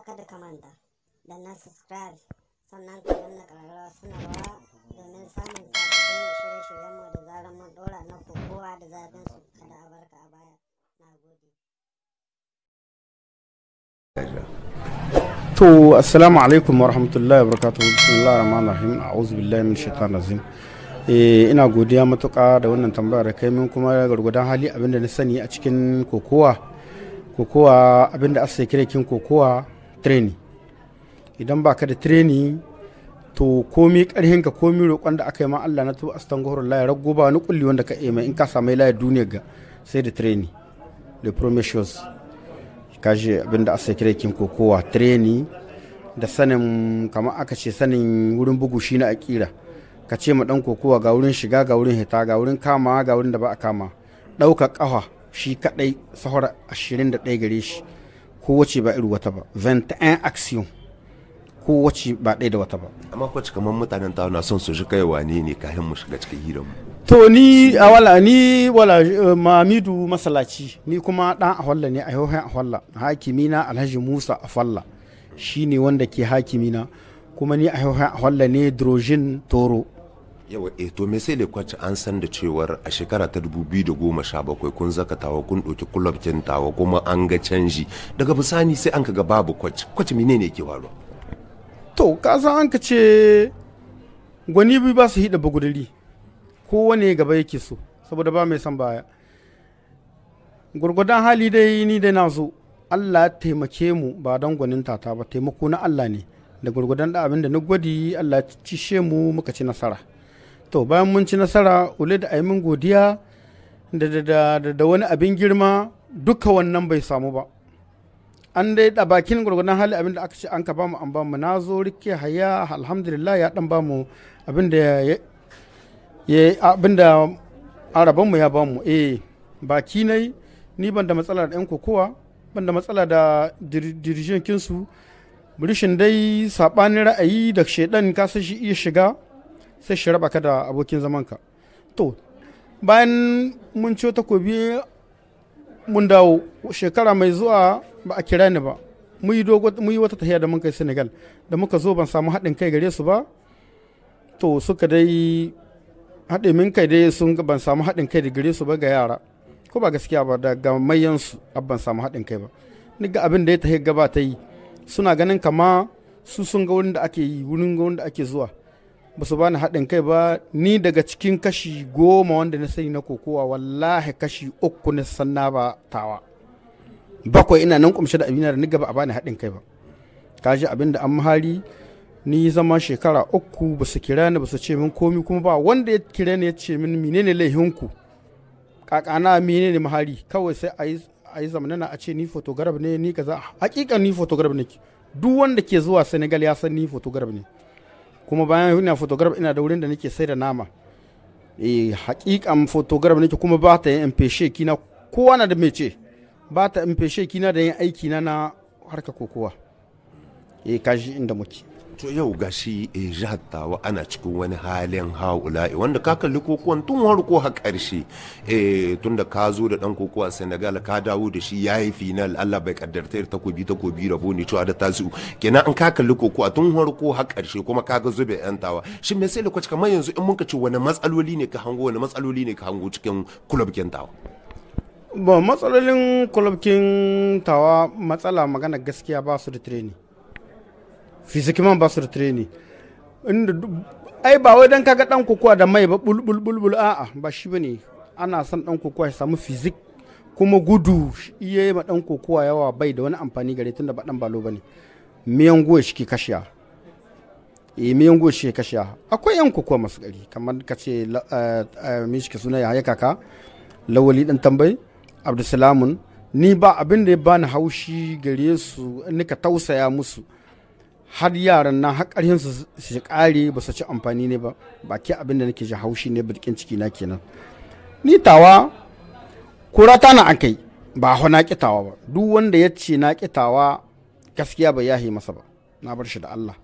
kada ka manta da na subscribe sannan ka danna suna sanarwa domin samun sabbin shirye-shiryenmu da zarar mun dora na kowa da su kada abarka a baya na gode to assalamu alaikum wa rahmatullahi bismillahir rahmanir rahim a'udhu billahi min shaitanir rajim eh, ina godiya matuƙa da wannan tambayar da kai kuma gargudan hali abinda na sani a cikin kokowa kokowa abinda asa training idan baka da training to komi karhin ka komi roƙon da aka yi ma Allah na tuba astanghfirullah ya rago ba wani kulli wanda ka yi mai in ka samu laye duniya ga sai da training da promiscuous kaje abin da asa kira kin kokowa training da sanin kamar aka ce sanin wurin bugu shi na akira ka ce ma dan kokowa ga wurin shiga ga wurin hita ga wurin kama ga wurin da ba a kama ɗauka ƙafa shi kaɗai sahara 21 gare shi ko wace ba iri wata ba 21 action ko wace ba ɗaya da wata ba amma ko ci kamar mutanen ta na son su shi kai wane ne kafin mu shiga cikin hirar mu to ni a wala ni wala eh, mamidu masalaci ni kuma dan a walla ne a yau a walla hakimi na alhaji musa a walla shine wanda ke hakimi na kuma ni a yau a walla ne drojin toro yawa e to me sai le an san da cewar a shekara ta 2017 kun zaka tawa kun ɗauki kulob kin tawa kuma an ga canji daga bisani sai an ga babu kwaci kwace menene ke faruwa to ka san an ka ce gwani bi ba su hida ko kowane gaba yake so saboda ba mai san baya gurgudan hali dai ni dai na so Allah ya taimake mu ba don gwanin tata ba taimako na Allah ne da gurgudan da abin da na gwadi Allah ya mu muka ci nasara to bayan mun ci nasara ule da aimin godiya da wani abin girma duka wannan bai samu ba an dai da bakin gwargwadon hali abin da aka ce an ka bamu an bamu na zo rike haya alhamdulillah ya dan bamu abin da ya abin da araban mu ya bamu eh baki nai ni ban da matsala da yan kokowa ban da matsala da dirijin kinsu rishin dai sabanin ra'ayi da shedan ka iya shiga sai shi raba ka da abokin zamanka to bayan mun ciyo takobi mun dawo shekara mai zuwa ba a kira ni ba mun yi wata tahiya da mun kai senegal da muka zo ban samu haɗin kai gare su ba to suka dai haɗe min kai dai sun ban samu haɗin kai da gare su ba ga yara ko ba gaskiya ba ga mayansu ban samu haɗin kai ba ni ga abin da ya tahi gaba ta yi suna ganin kama su sun ga wurin da ake yi wurin ga wurin da ake zuwa ba su bani haɗin kai ba ni daga cikin kashi goma wanda na sani na kokowa wallahi kashi uku na sanna ba tawa bakwai ina nan kumshe da abin da ni gaba a bani haɗin kai ba kaji abinda an mahari ni zama shekara uku ba su kira ni ba su ce min komi kuma ba wanda ya kira ni ya ce min menene laihinku kakana menene mahari kawai sai a yi zamanana a ce ni fotogarab ne ni kaza hakika ni fotogarab ne duk wanda ke zuwa senegal ya san ni fotogarab ne kuma bayan ina photograph ina da wurin da nake sai da nama eh hakikan photograph nake kuma ba ta yin feshe kina kowa na da mece ba ta mpeshe kina da yin aiki na na harka kokowa eh kaji inda muke to yau gashi in jatawa ana cikin wani halin haula'i wanda ka kalli kokuwan tun harko har karshe eh, tun da ka zo da dan kokowa Senegal ka dawo da shi ya yi final Allah bai kaddarta takobi takobi rabo ne cewa da tasu kenan an ka kalli kokowa tun harko har karshe kuma ka ga zube yan tawa shin me sai lokaci kamar yanzu in muka ce wani matsaloli ne ka hango wani matsaloli ne ka hango cikin club tawa ba matsalolin kulubkin tawa matsala magana gaskiya ba su da training fizikiman ba su da training inda ai ba wai dan kaga dan kokowa da mai ba bulbul bulbul a'a ba shi bane ana son dan kokowa ya samu fizik kuma gudu iya yi ma dan kokowa yawa bai da wani amfani gare tunda ba dan balo bane miyan goya shi ke kashiya e eh, miyan shi ke kashiya akwai yan kokowa masu gari kamar ka ce eh, eh, me shi suna ya kaka lawali dan tambayi abdulsalamun ni ba abin da ya bani haushi gare su nika tausaya musu har yaran nan har ƙarhin su shi ƙari ba su ci amfani ne ba baki abin da nake ji haushi ne birkin ciki na kenan ni tawa kura ta na akai ba ho na tawa ba duk wanda ya ce na tawa gaskiya ba yahi masa ba na bar shi da Allah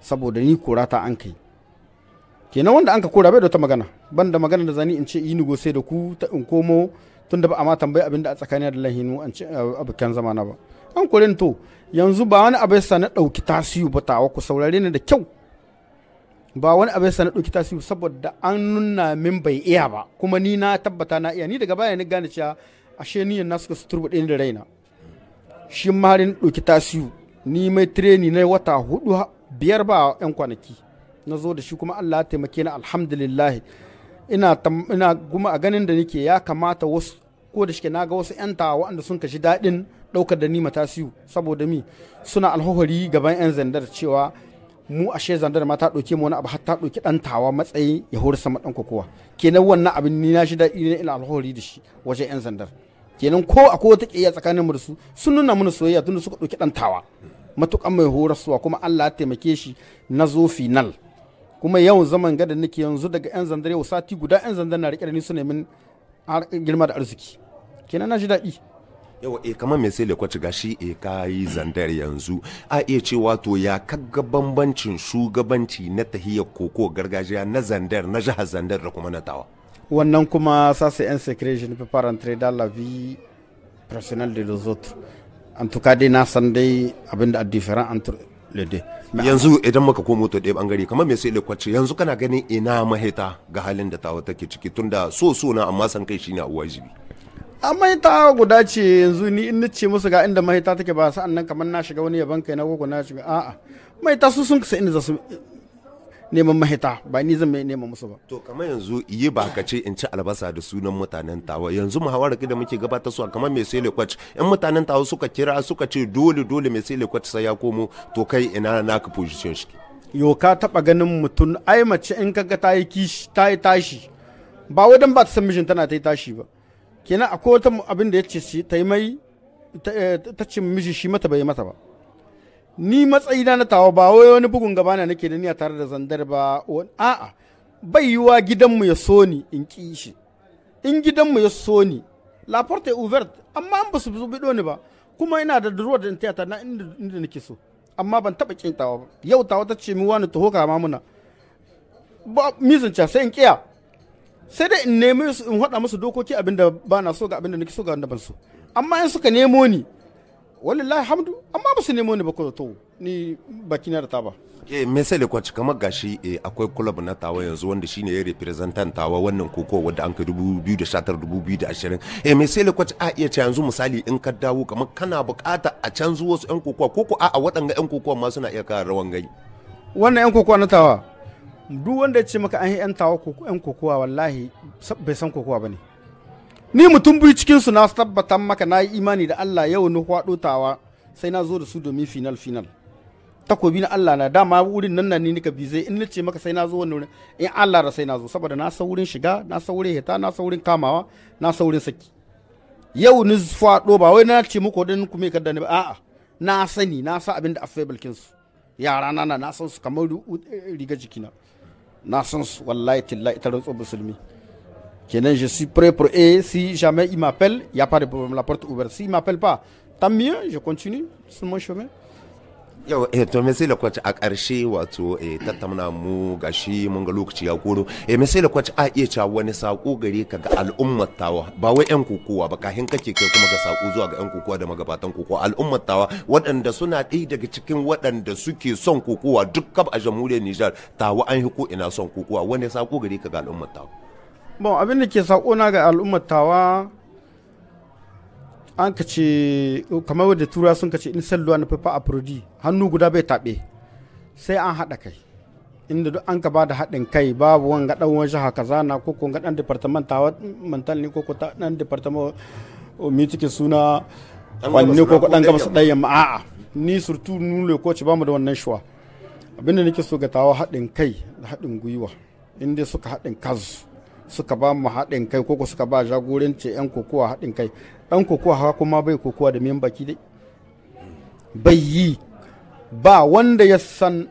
saboda ni kura ta an kai kenan wanda an ka kora bai da ta magana ban da magana da zani in ce inigo sai da ku ta in komo tun da ba a ma tambayi abin da a tsakanin da lahinu an ce eh, abokan zamana ba an korinto yanzu ba wani abu sa na ɗauki tasiyu ba tawa ku saurare ni da kyau ba wani abu sa na ɗauki tasiyu saboda an nuna min bai iya ba kuma ni na tabbata na iya ni daga baya ni gane cewa ashe ni na suka suturbu ɗin da raina shi ma ni ɗauki tasiyu ni mai tireni na wata hudu biyar ba yan kwanaki na zo da shi kuma Allah ya taimake ni alhamdulillah ina kuma a ganin da nake ya kamata wasu ko da shike naga wasu yan tawa waɗanda sun kashi daɗin ɗaukar da ni siyu saboda mi suna alhohari gaban yan zandar cewa mu ashe zandar ma ta ɗauke mu wani abu har ta ɗauki ɗan tawa matsayi ya hori sama ɗan kokowa kenan wannan abin ni na shi daɗi ne ina da shi wajen yan zandar kenan ko akwai wata ƙiyayya tsakanin mu da su sun nuna mana soyayya tunda suka ɗauki ɗan tawa matukan mai horaswa kuma Allah ya taimake shi na zo final kuma yawan zaman gada nake yanzu daga yan zandar yau sati guda yan zandar na rike da ni su nemin girma da arziki kenan na ji daɗi yawa e eh, kamar mai sai kwaci gashi e ka yi zandar yanzu a iya cewa to ya kaga bambancin shugabanci na tahiyar koko gargajiya na zandar na jihar zandar da kuma na tawa wannan kuma sasa yan secret je ne peux pas la vie personnelle de los autres en tout cas dai na san dai abin da different entre les deux yanzu idan muka komo to ɗaya bangare kamar mai sai kwace yanzu kana ganin ina mahita ga halin da tawa take ciki tunda so so na amma san kai shine wajibi a mahita guda ce yanzu ni in ce musu ga inda mahita take ba sa'an nan kamar na shiga wani yaban kai na koko na shiga a'a mahita su sun kusa inda za su neman mahita ba ni zan neman musu ba to kamar yanzu yi ba ka ce in ci albasa da sunan mutanen tawa yanzu muhawara da muke gabatar su kamar mai sai lekwac in mutanen tawa suka kira suka ce dole dole mai sai lekwac sai ya komo to kai ina naka position shi yo ka taba ganin mutum ai mace in kaga ta yi kishi ta yi tashi ba wadan ba ta san mijin tana ta yi tashi ba kenan akwai wata abin da ya ce ta yi mai eh, ta ce miji shi mata bai mata ba ni matsayi na tawa ba wai wani bugun gaba na nake da niya tare da zandar ba a'a bai yiwa gidanmu ya so ni in ki shi in gidanmu ya so ni la porte ouverte amma an ba su bido ni ba kuma ina da durwar da tiyata na inda nake so amma ban taba kintawa ba yau tawa ta ce mi wani taho ma muna ba mizanca sai in kiya sai dai in nemi in haɗa musu dokoki abinda ba na so ga abinda nake so ga wanda ban so amma in suka nemo ni wallahi hamdu amma ba su nemo ni ba ko to ni baki na da taba eh me sai lekwa kamar gashi eh, akwai club na tawa yanzu wanda shine ya representant tawa wannan koko wanda an kai 2019 2020 eh me sai lekwa a iya ce yanzu misali in ka dawo kamar kana bukata a canzu wasu yan kokowa koko a a waɗanga yan kokowa ma suna iya kawo rawan gani wannan yan kokowa na tawa duk wanda ya ce maka an yi 'yan tawa yan kokowa wallahi bai san kokowa ba ne ni mutum biyu cikin su na tabbatan maka na yi imani da Allah yau na kwado tawa sai na zo da su domin final final takobi na Allah na dama wurin nan nan ne nika bi zai in na ce maka sai na zo wannan wurin in Allah da sai na zo saboda na san wurin shiga na san wurin hita na san wurin kamawa na san wurin saki yau ni fado ba wai na ce muku wadin ku me kadda ba a'a na sani na sa abin da affable su yara na na san su kamar riga jikina je suis prêt pour et si jamais il m'appelle il n'y a pas de problème la porte est ouverte s'il m'appelle pas tant mieux je continue sur mon chemin yau eh to me sai lokaci a ƙarshe wato eh tattauna mu gashi mun ga lokaci ya koro eh me sai lokaci a iya cewa wani sako gare ka ga al'ummar tawa ba wai yan kokowa ba kahin kake kai kuma ga sako zuwa ga yan kokowa da magabatan kokowa al'ummar tawa waɗanda suna ɗaya daga cikin waɗanda suke son kokowa duk kaf a jamhuriyar Nijar tawa an yi ko ina son kokowa wani sako gare ka ga al'ummar tawa bon abin da ke sako na ga al'ummar tawa an ka ce kamar wadda tura sun ka ce in salluwa na fafa a furdi hannu guda bai taɓe sai an haɗa kai inda duk an ka ba da haɗin kai babu wanga ɗan wani jiha kaza na ko ko ga ɗan departament tawa mental ne ko ko ɗan departament mi cikin suna kwanne ko ɗan gabas ɗan yamma a'a ni surtu nule ko ci bamu da wannan shuwa abinda nake so ga tawa haɗin kai da haɗin gwiwa inda suka haɗin kansu suka ba mu haɗin kai ko suka ba jagorancin 'yan kokowa haɗin kai ɗan kokowa haka kuma bai kokowa da miyan baki dai bai yi ba wanda ya san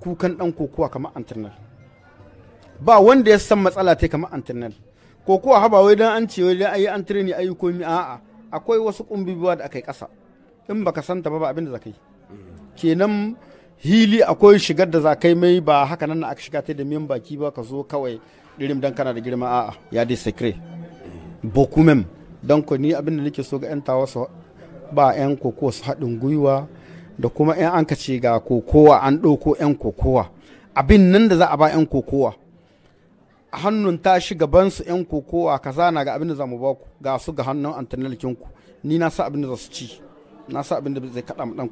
kukan ɗan kokowa kamar antinal ba wanda ya san matsala ta kamar antinal kokowa haba wai don an ce wai don ayi an tireni ayi komi a'a akwai wasu kumbibuwa da akai ƙasa in baka santa ba ba abin da yi kenan hili akwai shigar da zakai mai ba haka nan na aka shiga ta da miyan baki ba ka zo kawai dirim dan kana da girma a'a ya dai sakre boku mem don ko ni abin da nake so ga 'yan tawa su ba 'yan kokowa su haɗin gwiwa da kuma 'yan an ce ga kokowa an ɗauko 'yan kokowa abin nan da za a ba 'yan kokowa hannun ta gaban su 'yan kokowa ka na ga abin da za mu ba ku ga su ga hannun ku ni na sa abin da za su ci na sa abin da zai kaɗa mu